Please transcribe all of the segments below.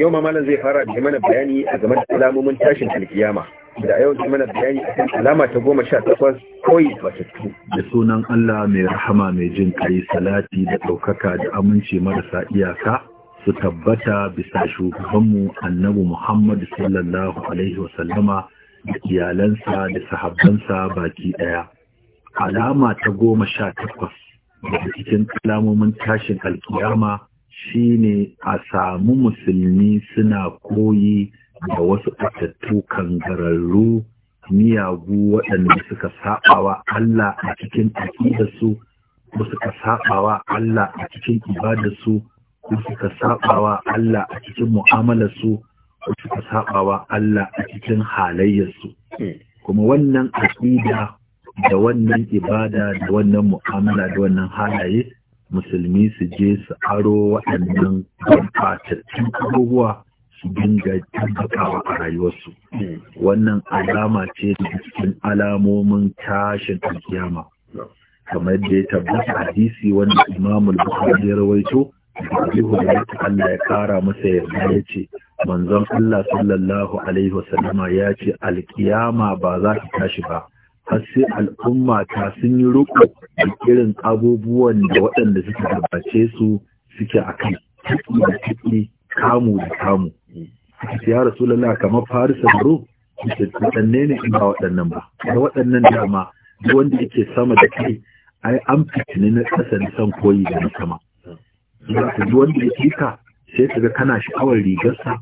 yau malam zai fara da mana bayani a game da alamomin tashin alkiyama da yau zai mana bayani a alama ta goma sha takwas koyi batattu da sunan Allah mai rahama mai jin kai salati da ɗaukaka da aminci marasa iyaka su tabbata bisa shugabanmu annabi Muhammad sallallahu alaihi wasallama da iyalansa da sahabbansa baki ɗaya. Alama ta goma sha takwas daga cikin alamomin tashin alkiyama shine a samu musulmi suna koyi da wasu ɓatattu kangararru miyagu waɗanda suka saɓawa Allah a cikin su, ko suka saɓawa Allah a cikin ibadarsu ko suka saɓawa Allah a cikin mu'amalarsu ko suka saɓawa Allah a cikin halayyarsu kuma wannan aƙida da wannan ibada da wannan mu'amala da wannan halaye musulmi su je su aro waɗannan gurɓatattun abubuwa su dinga tabbatawa a rayuwarsu wannan alama ce da cikin alamomin tashin alkiyama kamar da ya tabbata hadisi wanda imamul bukhari ya rawaito Abu da Allah ya kara masa yarda ya ce manzon Allah sallallahu alaihi wasallama ya ce alkiyama ba za ta tashi ba har sai al'umma ta sun yi roƙo da irin abubuwan da waɗanda suka gabace su suke a kai tuki da tuki kamu da kamu suka ce ya rasulallah kamar farisa baro waɗanne ne in ba waɗannan ba da waɗannan dama wanda yake sama da kai ai an fitini na ƙasa da san koyi da na sama za ji wanda yake ka sai ka ga kana sha'awar rigarsa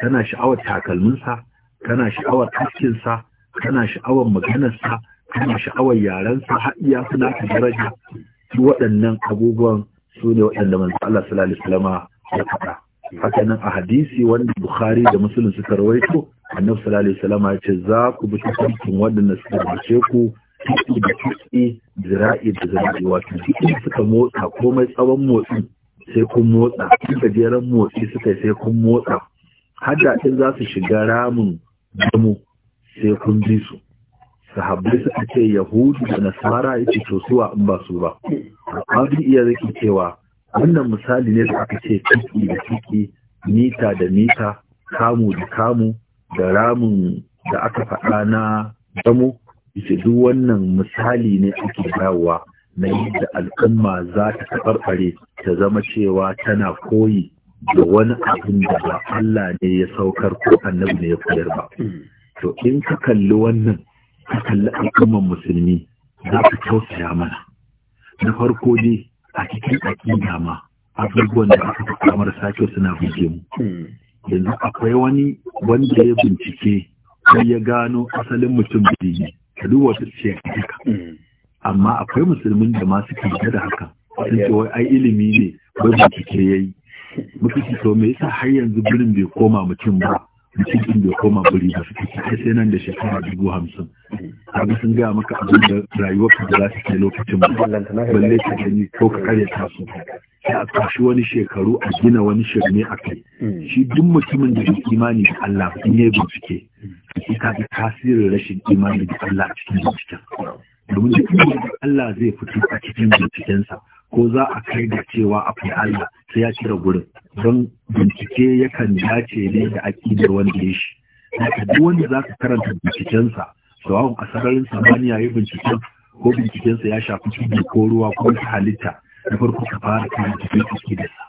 kana sha'awar takalminsa kana sha'awar askinsa kana sha'awar maganarsa Kuma sha'awar yarensa har iya suna ta daraja su waɗannan abubuwan su ne waɗanda manzo Allah sallallahu alaihi wasallam ya faɗa haka nan a hadisi wanda Bukhari da Muslim suka rawaito Annabi sallallahu alaihi wasallam ya ce za ku bi cikin waɗanda suka bace ku tuki da tuki zira'i da zira'i wato tuki suka motsa komai tsawon motsi sai kun motsa in gajeren motsi suka sai kun motsa hadda in za su shiga ramin damu sai kun bi su sahabbai suka ce yahudu da nasara yake to suwa in ba su ba abin iya zaki cewa wannan misali ne da aka ce ciki da ciki mita da mita kamu da kamu da ramin da aka faɗa na damo yace duk wannan misali ne ake bayarwa na yadda al'umma za ta taɓarɓare ta zama cewa tana koyi da wani abin da ba Allah ne ya saukar ko annabi ne ya koyar ba hmm. to in ka kalli wannan ka kalli al'umman musulmi za ka tausaya mana na farko dai a cikin da ma abubuwan da aka fi kamar sake suna buge mu yanzu akwai wani wanda ya bincike kai ya gano asalin mutum biyu ka duba wata ce haka amma akwai musulmin da masu kanta da haka sun ce wai ai ilimi ne wai bincike ya yayi muka ce to me yasa har yanzu birnin bai koma mutum ba mutum bai koma buri ba suke ce sai nan da shekara dubu hamsin abin sun gaya maka abin da rayuwarka da za ta kai lokacin balle ka gani ko ka karya ta su sai a kashi wani shekaru a gina wani shirme a kai hmm. shi duk mutumin da ke imani da Allah in ya bincike shi ka ga tasirin rashin imani da Allah a cikin binciken domin duk da Allah zai fito a cikin bincikensa ko za a kai da cewa a fi Allah sai ya cire gurin don bincike yakan dace ne da aƙidar wanda ya shi. Duk wanda za ka karanta bincikensa sawa'un a sararin samaniya ya binciken ko bincikensa ya shafi cikin ko ruwa ko wata halitta na farko ka fara kan cikin dasa.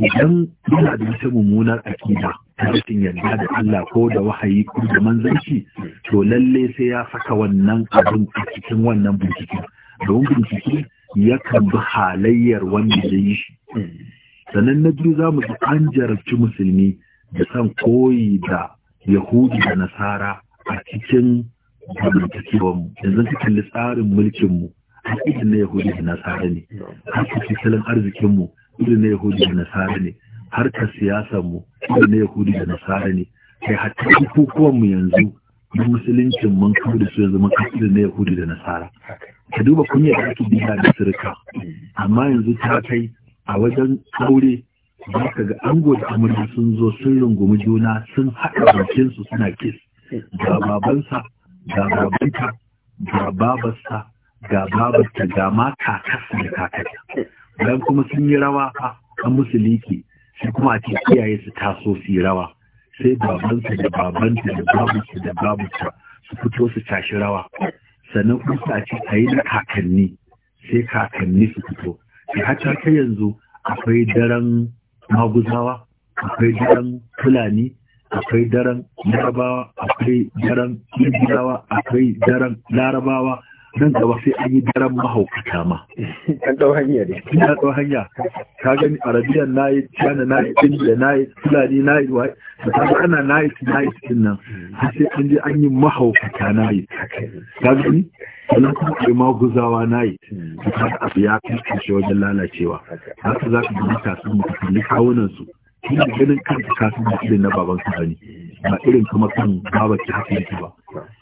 idan yana da wata mummunar akida ta rashin yarda da Allah ko da wahayi ko da manzanci to lalle sai ya saka wannan abin a cikin wannan bincike domin bincike kan bi halayyar wanda ya yi shi sannan na biyu za mu ji an jarabci musulmi da san koyi da yahudi da nasara a cikin zamantakewanmu yanzu ka kalli tsarin mulkinmu har irin na yahudi da nasara ne har ka tattalin arzikinmu irin na yahudi da nasara ne har ka siyasarmu irin na yahudi da nasara ne kai hatta bukukuwanmu yanzu na musuluncin mun kawo da su yanzu mun kawo irin na yahudi da nasara ka duba kunya da ake biya da sirka mm. amma yanzu ta kai a wajen aure za ka ga ango da amurka sun zo sun rungumi juna sun haɗa bakinsu suna kis mm. ga babansa ga babanta ga babarsa ga babarta ga ma kakarsa da kakarta bayan kuma sun yi rawa a an sai kuma a ce iyaye su taso su yi rawa sai babansa da babanta da babarsa da babarta su fito su tashi rawa sannan kuma su a ce a yi na kakanni sai kakanni su fito sai hata ta yanzu akwai daren maguzawa akwai daren fulani akwai daren larabawa akwai daren indiyawa akwai daren larabawa nan gaba sai an yi daren mahaukata ma. Kan ɗau hanya ne. Ina ɗau hanya. Ka gani Arabiyan na yi, China na yi, India na yi, Fulani na yi, wai. Da ta ga ana na yi na yi cikin nan. Sai an je an yi mahaukata na yi. Ka gani? Sannan kuma a yi maguzawa na yi. Ka ta abu ya kai wajen lalacewa. Haka za ka ji matasan mutum kalli kawunan su. ina ganin kanka ka san irin na baban ka ne, ba irin kuma kan baba ki haka yake ba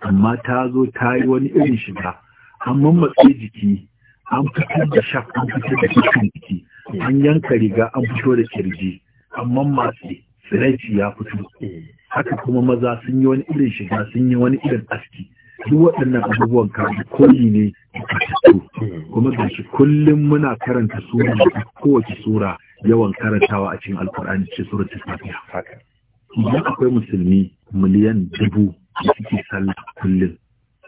amma ta zo ta yi wani irin shiga an mammatse jiki an fito da shak an fitar da cikin jiki an yanka riga an fito da kirji an mammatse tsiraici ya fito haka kuma maza sun yi wani irin shiga sun yi wani irin aski duk waɗannan abubuwan kaji koli ne a kuma shi kullum muna karanta sura da kowace sura yawan karantawa a cikin alkur'ani ce sura ta safiya idan akwai musulmi miliyan dubu da suke sallah kullum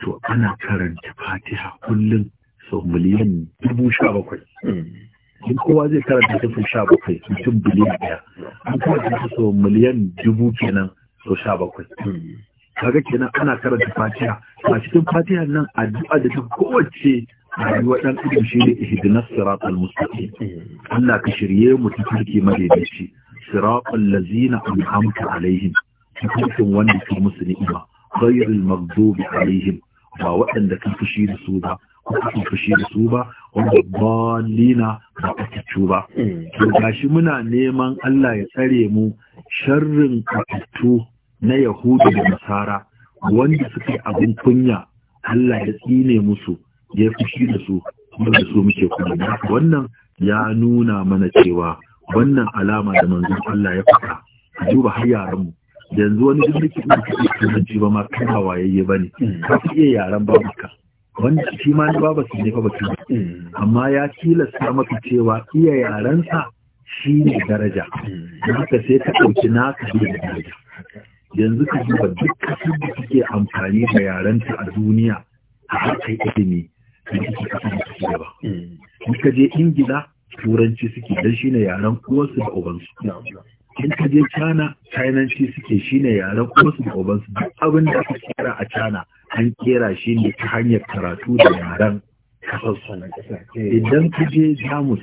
to ana karanta fatiha kullum sau miliyan dubu sha bakwai hmm. in kowa zai karanta ta sha bakwai mutum biliyan ɗaya an karanta sau miliyan dubu kenan sau sha bakwai hmm. kaga kenan ana karanta fatiha a cikin fatiha nan addu'a da ta kowace rayuwar dan adam shine ihdinas siratal mustaqim eh. Allah ka shirye mu ta turki madaidaici siratal ladzina an'amta alaihim cikin wanda ke musu ni'ima ghayril maghdubi alaihim ba waɗanda ka fushi da su ba ko ka fushi da su ba wanda balina ba ka cucu ba eh. to gashi muna neman Allah ya tsare mu sharrin kutu na yahudu da nasara wanda suka yi abin kunya Allah ya tsine musu ya fushi da su kuma da su muke kuma wannan ya nuna mana cewa wannan alama da manzon Allah ya faɗa a duba har yaran mu yanzu wani duk nake ina kaɗai turanci ba ma kana wayayye ba ne mm. ka fi iya yaran babuka wanda shi ma ni babu su ne fa baki mm. amma ya tilasta maka cewa iya yaransa shi ne daraja mm. haka sai ka ɗauki naka da daraja yanzu ka duba duk kasar da suke amfani da ta a duniya a harkar ilimi da suke kasar da suke gaba mm. in ka je ingila turanci suke don shine yaren uwarsu da ubansu in ka je cana chinanci suke shine yaren uwarsu da ubansu duk abin da aka kera a cana an kera shi ne ta hanyar karatu da yaren kasar idan ka je jamus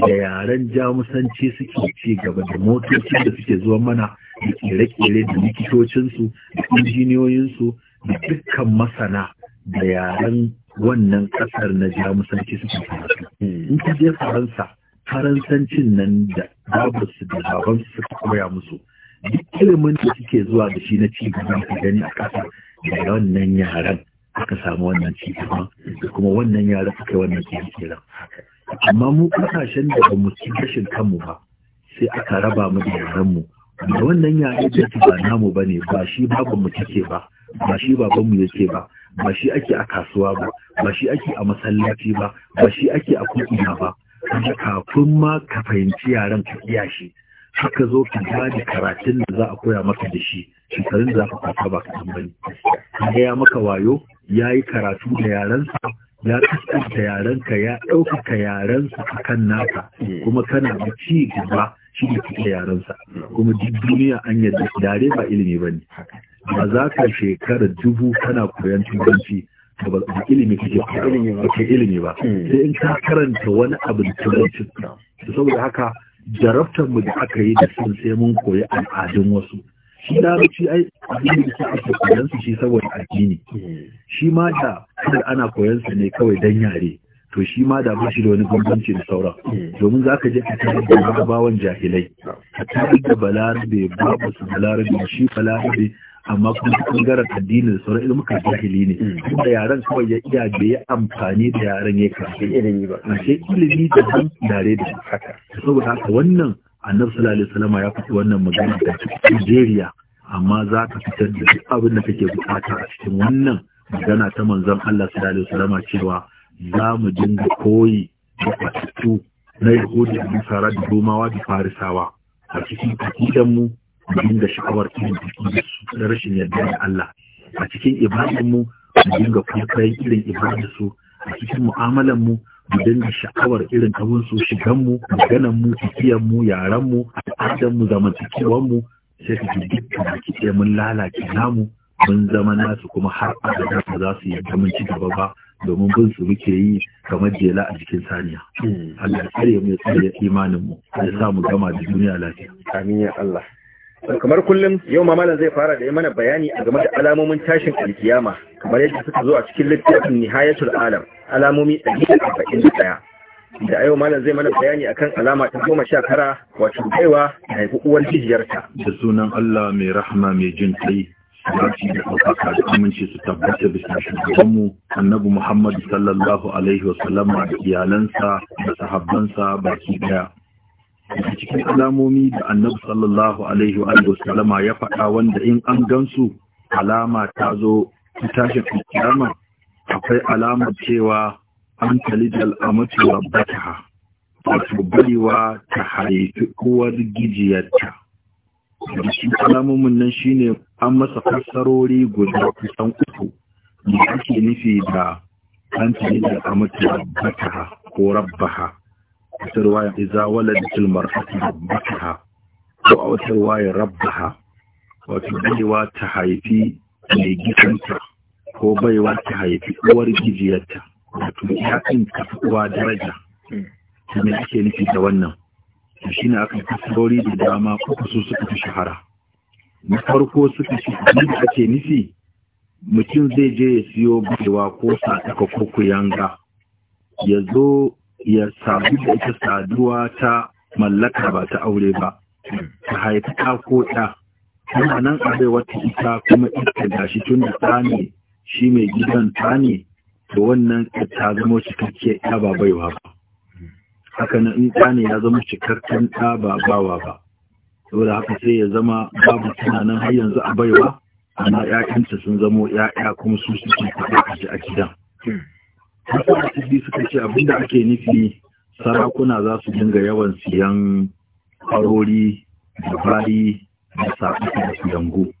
da yaren jamusanci suke ci gaba da motocin da suke zuwa mana da kere-kere da likitocinsu da injiniyoyinsu da dukkan masana da yaren wannan kasar na jamusanci suke karatu in ka je faransa faransancin nan da babarsu da babansu suka koya musu duk ilimin da suke zuwa da shi na ci gaba ka gani a kasa da wannan yaren aka samu wannan ci gaba da kuma wannan yaren suka yi wannan ci gaba. amma mu kasashen da ba mu ci gashin kanmu ba sai aka raba mu da yaran mu da wannan yare da ke ba namu ba ne ba shi babu mu take ba ba shi baban mu yake ba ba shi ake a kasuwa ba ba shi ake a masallaci ba ba shi ake a ko'ina ba kafin ma ka fahimci yaran ka iya shi haka zo ka da karatun da za a koya maka da shi shekarun da za ka kwata ba ka tambari ya maka wayo ya yi karatu da yarensa ya yaren yarenka ya ɗaukaka yarensa a kan naka mm. kuma kana da ci gaba shi ne kike yarensa kuma duk duniya an yadda yare ba ilimi ba ne ba za ka shekara dubu kana koyon turanci da ba ilimi kake ilimi ba mm. sai in ka karanta wani abin saboda haka jarabtar mu da aka yi da sun sai mun koyi al'adun wasu shi larabci ai abin da ake koyan su shi saboda addini shi ma da ana koyan su ne kawai dan yare to shi ma da ba shi da wani bambanci da sauran domin za ka je ka tare da babawan jahilai ka tare da balarabe babu su balarabe shi balarabe amma kuma gara addini addinin sauran ilmuka jahili ne inda yaren kawai ya iya da ya amfani da yaren ya karfi ilimi ba a ilimi da ban yare da haka saboda haka wannan annabi sallallahu alaihi wasallam ya fito wannan magana da Nigeria amma za ka fitar da duk abin da kake bukata a cikin wannan magana ta manzon Allah sallallahu alaihi wasallam cewa za mu dinga koyi da fatu na Yahudi da Nasara da Romawa da Farisawa a cikin akidan mu mu dinga sha'awar irin su da rashin yarda da Allah a cikin ibadan mu mu dinga kwaikwayon irin ibadar su a cikin mu'amalan mu mu dinga sha'awar irin abin su shigan mu maganan mu tafiyan mu yaran mu al'adan mu zamantakewan mu sai ka ji dukkan da mun lalace namu mun zama nasu kuma har abada ba za su yarda mun ci gaba ba domin bin su muke yi kamar jela a jikin saniya. Hmm. Allah ya tsare mu ya tsare imanin mu ya sa mu gama da duniya lafiya. Amin ya Allah. kamar kullum yau ma malam zai fara da mana bayani a game da alamomin tashin alkiyama kamar yadda suka zo a cikin littafin nihayatul alam alamomi 141 da yau malam zai mana bayani akan alama ta goma sha kara wato baiwa da haifi uwar jijiyarta da sunan Allah mai rahama mai jin kai Sarki da ɗaukaka da aminci su tabbata bisa shugabanmu annabi Muhammad sallallahu alaihi da iyalansa da sahabbansa baki ɗaya. a cikin alamomi da annabi sallallahu alaihi wa sallama ya faɗa wanda in an gansu alama ta zo ta tashin kiyama akwai alamar cewa an talidal amatu rabbataha wato balewa ta haifi uwar gijiyarta shi alamomin nan shine an masa fassarori guda kusan uku da ake nufi da an talidal amatu rabbataha ko rabbaha wata ruwaya iza waladatul mar'atu rabbataha ko a wata ruwaya rabbaha wato baiwa ta haifi mai gidanta ko baiwa ta haifi uwar gijiyarta wato ya'in ka uwa daraja to me ake nufi da wannan to shine aka sauri da dama uku su suka fi shahara na farko suka shi da ake nufi mutum zai je ya siyo baiwa ko sadaka ko kuyanga ya zo ya sabu da ita saduwa ta mallaka ba ta aure ba ta haifi ta ko ɗa Yana nan a wata ita kuma ita gashi tun da ta ne shi mai gidan ta ne da wannan ta zama cikakkiyar ya ba baiwa ba haka nan in ta ne ya zama cikakken ta ba ba saboda haka sai ya zama babu tunanin har yanzu a baiwa amma 'ya'yanta sun zamo 'ya'ya kuma su suke kaɗa a gidan masana biyu suka ce abinda ake nufi sarakuna za su dinga yawan siyan farori da bayi da sabuka da kuyangu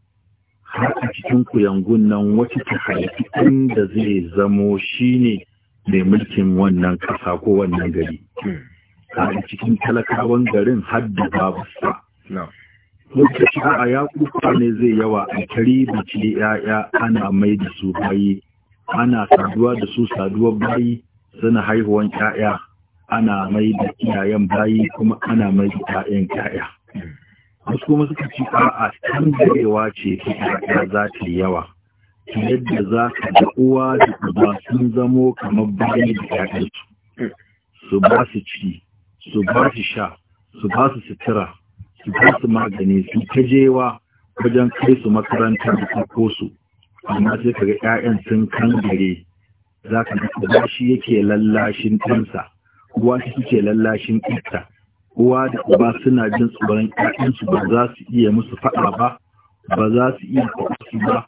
har cikin kuyangun nan wacce ta haifi inda zai zamo shine mai mulkin wannan ƙasa ko wannan gari a cikin talakawan garin haddi babu sa lokaci a ya kuka ne zai yawa a kari bici ya'ya ana mai da su bayi ana saduwa da su saduwar bayi suna haihuwan ƴaƴa ana mai da iyayen bayi kuma ana mai da ƴaƴan ƴaƴa wasu kuma suka ci a'a darewa ce ta ƴaƴa za ta yi yawa yadda za ka da uwa da uba sun zamo kamar bayi da ƴaƴansu su ba su ci su ba su sha su ba su sutura su ba su magani su kajewa wajen kai su makaranta da ko amma sai ka ga 'ya'yan sun kangare za ka ga ba shi yake lallashin ɗansa uwa shi suke lallashin ɗansa uwa da uba suna jin tsoron ƴaƴansu ba za su iya musu faɗa ba ba za su iya kwasu ba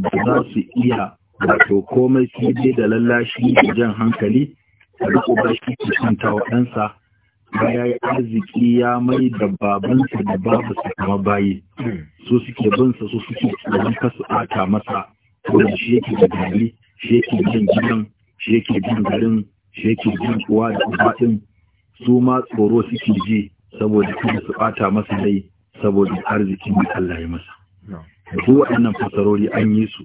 ba za su iya wato komai sai dai da lallashi da jan hankali da uba shi ke kanta wa ɗansa ya yi arziki ya mai da babansa da su kama bayi so suke bansa su suke tsarin kasu ata masa to shi yake da gari shi yake jin gidan shi yake jin garin shi yake jin uwa da uba din su ma tsoro suke ji saboda kuma su ɓata masa dai saboda arzikin da Allah ya masa da su waɗannan fasarori an yi su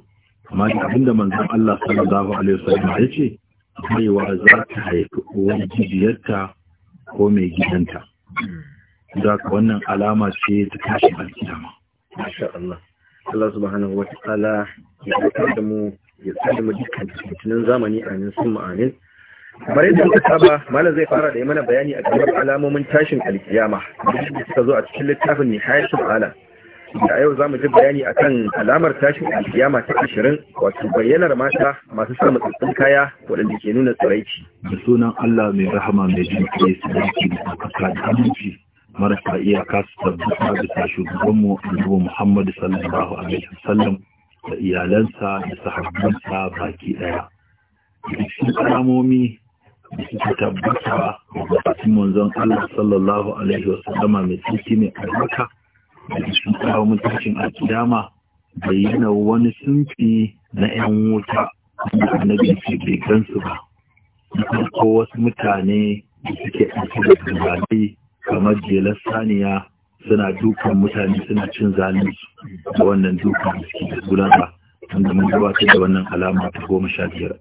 amma da abinda manzon Allah sallallahu alaihi wasallam ya ce wa za ta haifi uwar jijiyarta ko mai gidanta da wannan alama ce ta tashi alkiyama masha Allah Allah subhanahu wa ta'ala ya kuka da mu ya tsaye mu dukkan fitinin zamani amin sun ma'anin Kamar da muka saba malam zai fara da yi mana bayani a cikin alamomin tashin alkiyama da suka zo a cikin littafin su ba'ala. a yau za mu ji bayani a kan alamar tashin alkiyama ta ashirin wato bayyanar mata masu sa matsatsun kaya waɗanda ke nuna tsiraici. da sunan allah mai rahama mai jin kai su dauki da kaka da aminci marasa iyaka su tabbata bisa shugabanmu annabi muhammadu sallallahu alaihi wasallam da iyalansa da sahabbansa baki ɗaya. cikin alamomi da suka tabbata da batun manzon allah sallallahu alaihi wasallama mai tsarki mai albarka da sun kawo mutashin a kiyama bayyana wani sunfi na 'yan wuta da na bai gansu ba na ko wasu mutane da suke ɗauke da turbalai kamar jelar saniya suna dukan mutane suna cin zalinsu da wannan dukan da suke a wanda mun gabatar da wannan alama ta goma sha biyar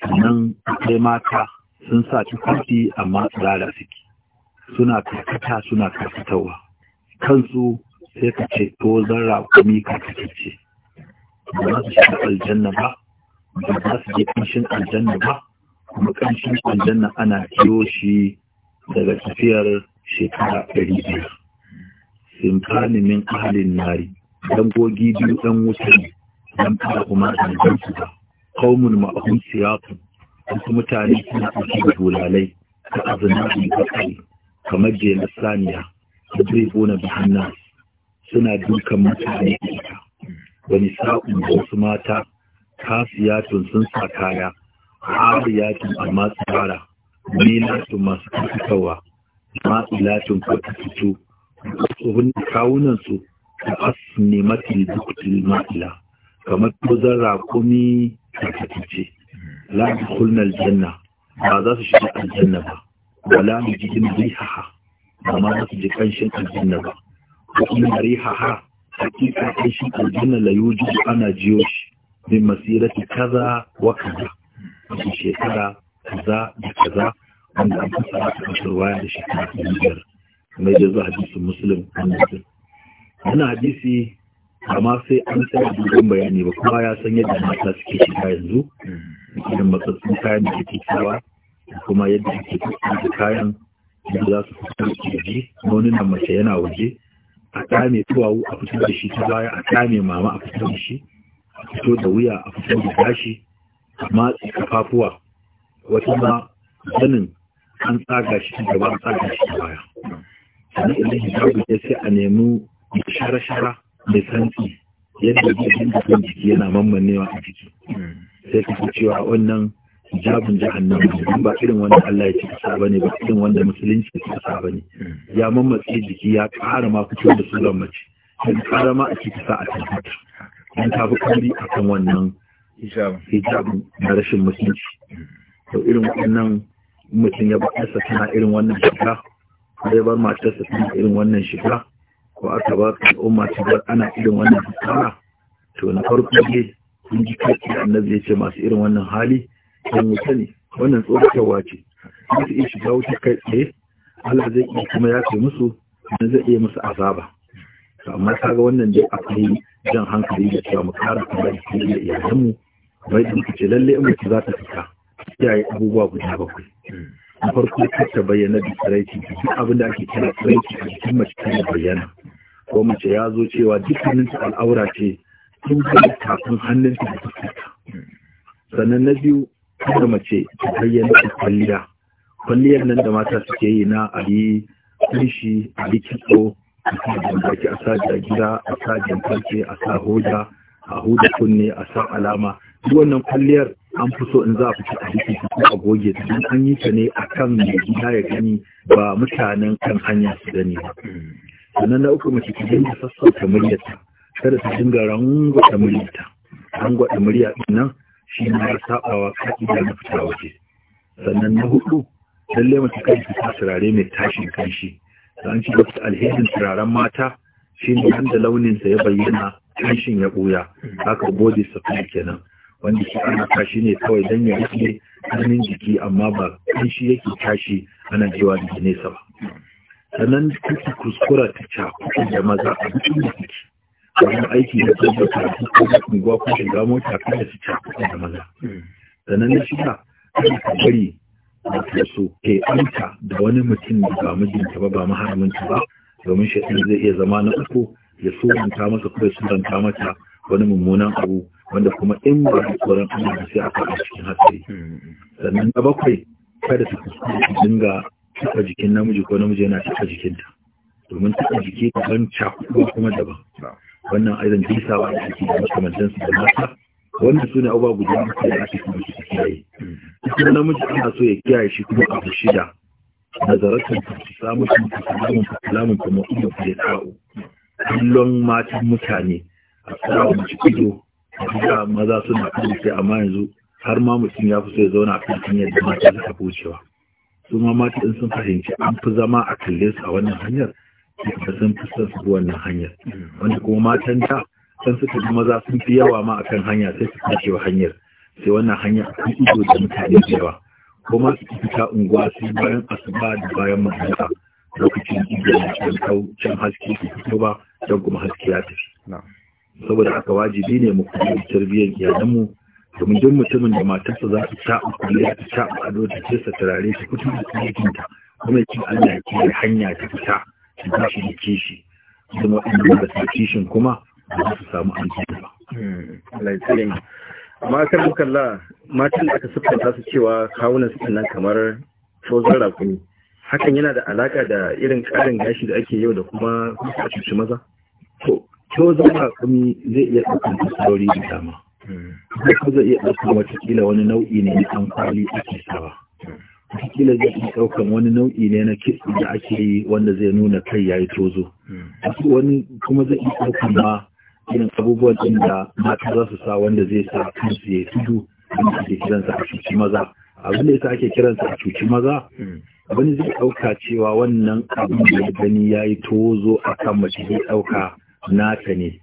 sannan akwai mata sun sa tufafi amma tsirara suke suna karkata suna karkatawa kansu sai ka ce to zan rakumi ka ce ba za su shi aljanna ba ba za su je kanshin aljanna ba kuma kanshin aljanna ana kiyo shi daga tafiyar shekara ɗari biyar simfani min ahalin nari dangogi biyu ɗan wuta ne fara kuma aljan su ba kaumun ma'ahun siyafin wasu mutane suna ɗauki da bulalai ta azinabi bakari kamar jelar saniya yadribuna na nas suna dukan mutane ita wani sa'un da wasu mata kasiyatun sun sa kaya ariyatun amma tsara milatun masu kakatawa ma'ilatun kakatutu tsohon kawunansu da asini mafi dukkan ma'ila kamar tozon rakumi kakatuce la kulnal janna ba za su shiga aljanna ba wala mu jikin rihaha ba su ji kanshin aljanna ba wa inna rihaha hakika kanshin aljanna la yujidu ana jiyo shi min masirati kaza wa kaza wasu shekara kaza da kaza wanda an fasa a cikin waya da shekara biyar mai da zuwa hadisin musulun wannan wannan hadisi amma sai an tsaya dogon bayani ba kuma ya san yadda mata suke shiga yanzu irin matsatsun kayan da ke cewa kuma yadda ake fuskan da kayan da za su fitar da wani nan mace yana waje a kame tuwawu a fitar da shi ta baya a kame mama a fitar da shi a fito da wuya a fitar da gashi a matsi kafafuwa wata ma zanin an tsaga shi ta gaba a tsaga shi ta baya sannan idan hijabu ya sai a nemi shara-shara mai santi yadda jikin jikin jiki yana mammanewa a jiki hmm. sai ka cewa wannan hijabin jahannama ba irin wanda Allah ya ci kasa ne ba irin wanda musulunci ya ci kasa ne hmm. ya mammatse jiki ya kara ma fito da suran mace ya kara ma a ci kasa a tabbata dan ta bi a akan wannan hijabin na rashin musulunci hmm. to irin wannan mutum ya bakarsa tana irin wannan shiga ya bar matarsa tana irin wannan shiga ko aka ba al'umma ta bar ana irin wannan fitara to na farko dai kun ji kai annabi ya ce masu irin wannan hali kan wuta ne wannan tsoratarwa ce za su iya shiga wuta kai tsaye Allah zai iya kuma ya kai musu na zai iya musu azaba amma ga wannan dai kai jan hankali da cewa mu kara kuma da iyalanmu bai da ce lalle in mutu za ta fita yi abubuwa guda bakwai na farko ta bayyana da tsiraici duk abin da ake kira tsiraici a cikin mace ta bayyana ko mace ya zo cewa dukkanin ta al'aura ce tun kai hannun ta da fita. sannan na biyu kada mace ta bayyana kwalliya kwalliyar nan da mata suke yi na a yi kunshi a yi kitso a sa jambaki a sa jagira a sa jamfarki a sa hoda a huda kunne a sa alama duk wannan kwalliyar an fi so in za a fita a jiki ko a goge ta don an yi ta ne a kan mai gida ya gani ba mutanen kan hanya su gani ba sannan na uku mace ta dinga sassauta muryarta kada ta dinga rangwata muryarta gwada murya nan shi ne ya saba wa na fita waje sannan na hudu lallai mace su ta turare mai tashin kanshi da an ci wata alherin turaren mata shi ne wanda launinsa ya bayyana kanshin ya ɓuya haka body supply kenan wanda shi ana tashi ne kawai don ya rufe hannun jiki amma ba kanshi yake tashi ana cewa da nesa ba sannan kuka kuskura ta cakuɗa da maza a duk inda wani aiki da ta da karatu ko da kunguwa ko shiga mota kan da su cakuɗa da maza sannan na kada ka bari na so ke amsa da wani mutum da ba mijinta ba ba maharaminta ba domin shaɗin zai iya zama na uku ya suranta masa ko ya suranta mata wani mummunan abu wanda kuma in ba da tsoron Allah da sai aka a cikin hatsari sannan na bakwai kada ta kuskure ta dinga tuka jikin namiji ko namiji yana tuka jikinta domin tuka jiki daban cakuɗuwa kuma daban wannan aizan jisawa da ake da makamantansu da mata wannan su ne abubuwa guda da ake kuma su kiyaye kuma namiji ana so ya kiyaye shi kuma abu shida ta su samun su salamun su salamun kuma iya fiye ta'o kallon matan mutane a tsawon mace ido da maza suna kan sai amma yanzu har ma mutum ya fi so ya zauna a kan hanyar da mata suka fi wucewa su ma mata in sun fahimci an fi zama a kalle su a wannan hanyar da sun fi son su wannan hanyar wanda kuma matan da sun suka ji maza sun fi yawa ma akan hanya sai su kace wa hanyar sai wannan hanya a ido da mutane da yawa kuma su fita unguwa sai bayan asuba da bayan magana lokacin ido da can kau can haske su fito ba can kuma haske ya tafi saboda haka wajibi ne mu kuma da tarbiyyar iyalanmu domin duk mutumin da matarsa za ta ta kulle ta ta ado da ce sa turare ta fito da kuma kuma ya ce Allah ya kiyaye hanya ta fita ba shi da kishi waɗanda ba su kishin kuma ba su samu an ba. Hmm. amma kan kalla matan da aka siffanta su cewa kawunan su nan kamar tozon rakumi hakan yana da alaka da irin ƙarin gashi da ake yau da kuma a cuci maza to tozon rakumi zai iya ɗaukan tasarori da dama hmm. kuma zai iya ɗaukar watakila wani nau'i ne na kwali ake sawa hmm. kila zai daukan wani nau'i ne na kitsi da ake yi wanda zai nuna kai ya yi tozo hmm. wani kuma zai iya ɗaukan ma irin abubuwan ɗin da mata za su sa wanda zai sa kansu ya yi tudu wanda ake kiransa a cuci maza abin da ya sa ake kiransa a cuci maza hmm. wani zai ɗauka cewa wannan abin da ya gani ya yi tozo a kan mace zai ɗauka nata ne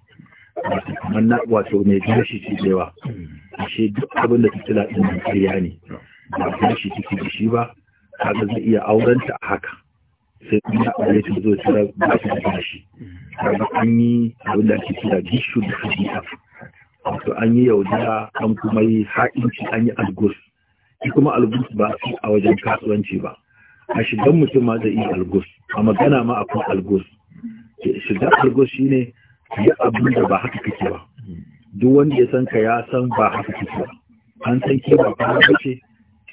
wato mai gashi ce da yawa hmm. ashe duk abin da fitila ɗin ne ba tashi ciki da shi ba kaga zai iya aurenta a haka sai kuma ya aure ta zo tara ba ta da shi kaga an yi abin da ake kira gishu da hadisa to an yi yaudara an kuma yi ha'inci an yi algus shi kuma algus ba su a wajen kasuwanci ba a shigan mutum ma zai yi algus a magana ma akwai algus shiga algus shine yi abin da ba haka kake ba duk wanda ya san ka ya san ba haka kake ba an san ke ba ba ce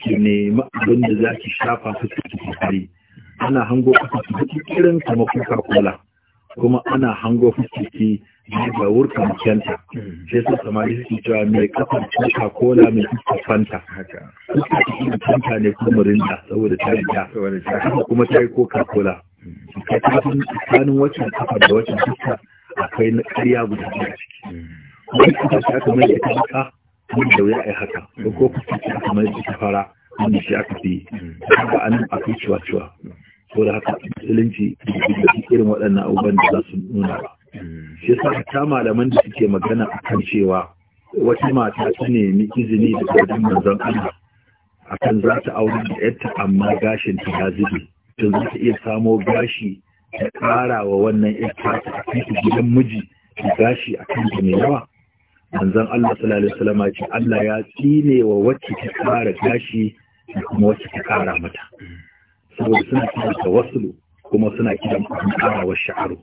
ki nemi abin da za ki shafa fuska cikin hari ana hango fuska ki duk irin kamar coca cola kuma ana hango fuska ki ba wurka makenta sai su samari suke cewa mai kafar coca cola mai fuska fanta fuska ki fanta ne kuma murinda saboda ta yi kafa kuma ta yi coca cola mm. kai tsakanin wacce kafar da wacce fuska akwai na ƙarya guda a ciki mm. wani kuka ta kamar da ta wanda da wuya a haka da mm. ko kusa ce aka mai fara wanda shi aka fi mm. haka anan akwai ciwa-ciwa ko da haka musulunci da irin waɗannan abubuwan da za su nuna ba mm. shi yasa ta malaman da suke magana akan cewa wata mata ta nemi izini da gudun manzon Allah akan za ta aure da yarta amma gashin ta ya zube to za ta iya samo gashi ta ƙara wa wannan yarta ta a gidan miji gashi kan ta mai yawa manzon Allah sallallahu alaihi wasallam ce Allah ya tsine wa wacce ta kara gashi da kuma wacce ta kara mata saboda suna kiran waslu, kuma suna kiran wa sha'aru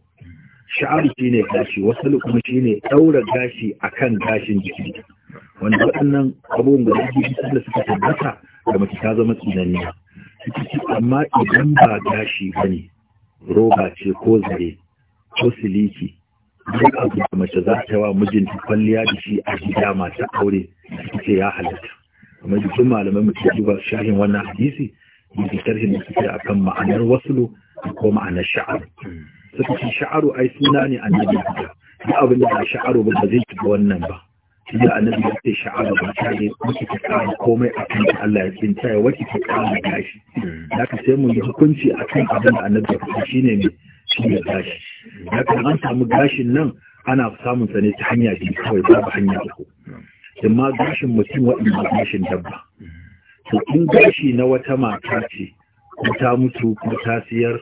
sha'aru shine gashi wasu kuma shine daura gashi akan gashin jiki wanda waɗannan abubuwan guda biyu da suka tabbata da mace ta zama tsinanniya amma idan ba gashi bane roba ce ko zare ko siliki duk abu da mace za ta wa mijinta kwalliya da shi a gida masu aure ce ya halatta kamar jikin malamai mu ke duba shahin wannan hadisi yake sharhin da suke akan ma'anar wasulu ko ma'anar sha'ar suka ce sha'aru ai suna ne annabi da duk abin da sha'aru ba zai shiga wannan ba shi da annabi ya ce sha'aru ba ta ne ta komai a kan Allah ya tsinta ya wacce ta kara gashi da ka sai mu yi hukunci kan abin da annabi ya faɗa shine ne cinye gashi kan an samu gashin nan ana samun sa ne ta hanya biyu kawai babu hanya uku ma gashin mutum waɗanda gashin dabba to in gashi na wata mata ce ko ta mutu ko ta siyar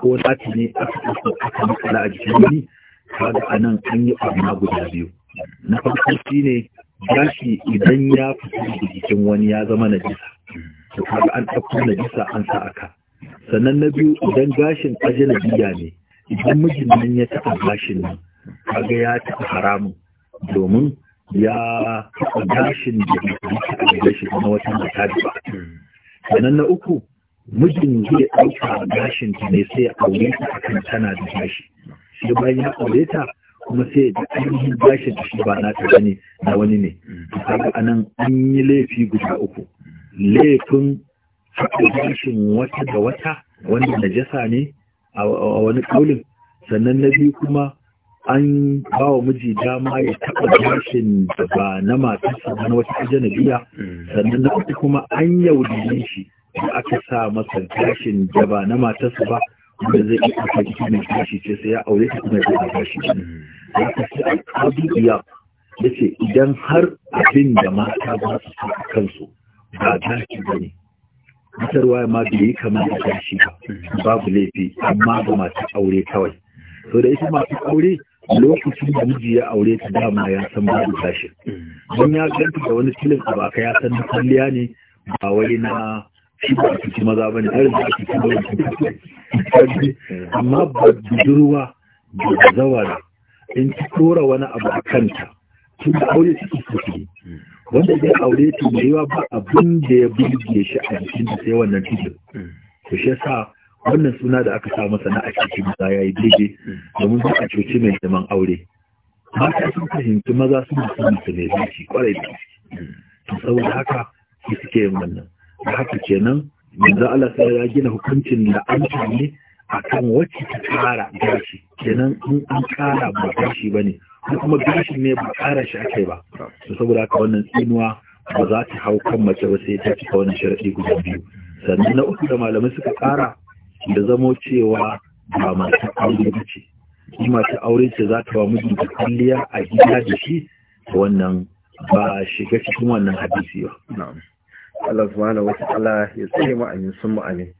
ko nati ne aka ɗauko aka matsala a jikin wani kaga a nan an yi ɓarna guda biyu na farko shi ne gashi idan ya fito da jikin wani ya zama najisa to kaga an ɗauko najisa an sa aka sannan na biyu idan gashin biya ne idan mijin nan ya taɓa gashin nan kaga ya taɓa haramun domin ya taɓa gashin da ya taɓa gashi na wata mata da ba sannan na uku mijin zai ɗauka gashin ta ne sai ya aure ta kan tana da gashi sai bayan ya aure ta kuma sai da ainihin gashin da shi ba na ta gani na wani ne kaga anan an yi laifi guda uku laifin haɗa gashin wata da wata wanda najasa ne a wani kaulin sannan na biyu kuma an ba wa miji dama ya taɓa gashin da ba na matarsa ba na wata ajanabiya mm. sannan na uku kuma an yaudare shi da aka sa masa gashin da ba na matarsa ba wanda zai iya aka jiki mai gashi ce sai ya aure ta kuma ya gashi ya mm. a alƙadu biya ya ce idan har abin da mata ba su sa kansu ba gashi ba ne fitarwa ma bai yi kamar da kashi ba babu laifi amma ga masu aure kawai to da ita masu aure lokacin da miji ya aure ta dama ya san babu kashi don ya ganta da wani filin a baka ya san na kwalliya ne ba wai na shi ba su maza ba ne da ake cikin wani amma ba budurwa ba zawara in ki tora wani abu a kanta tun da aure suke suke wanda zai aure ta mai ba abin da ya burge shi a jikin da sai wannan tudun to shi yasa wannan suna da aka sa masa na a cikin maza ya yi daidai domin ba a coci mai zaman aure mata sun fahimci maza sun sun su mai zuci kwarai da to saboda haka su suke yin wannan da haka kenan yanzu Allah sai ya gina hukuncin la'anta ne a kan wacce ta kara gashi kenan in an kara ba gashi ba ne ko kuma gashi ne ba kara shi akai ba to saboda haka wannan tsinuwa ba za ta hau kan mace ba sai ta cika wannan sharadi guda biyu sannan na uku da malamai suka kara da zamo cewa ba masu aure ba ce shi mace aure ce za ta ba miji da kwalliya a gida da shi wannan ba shiga cikin wannan hadisi ba Allah subhanahu wa ta'ala ya tsare mu sun mu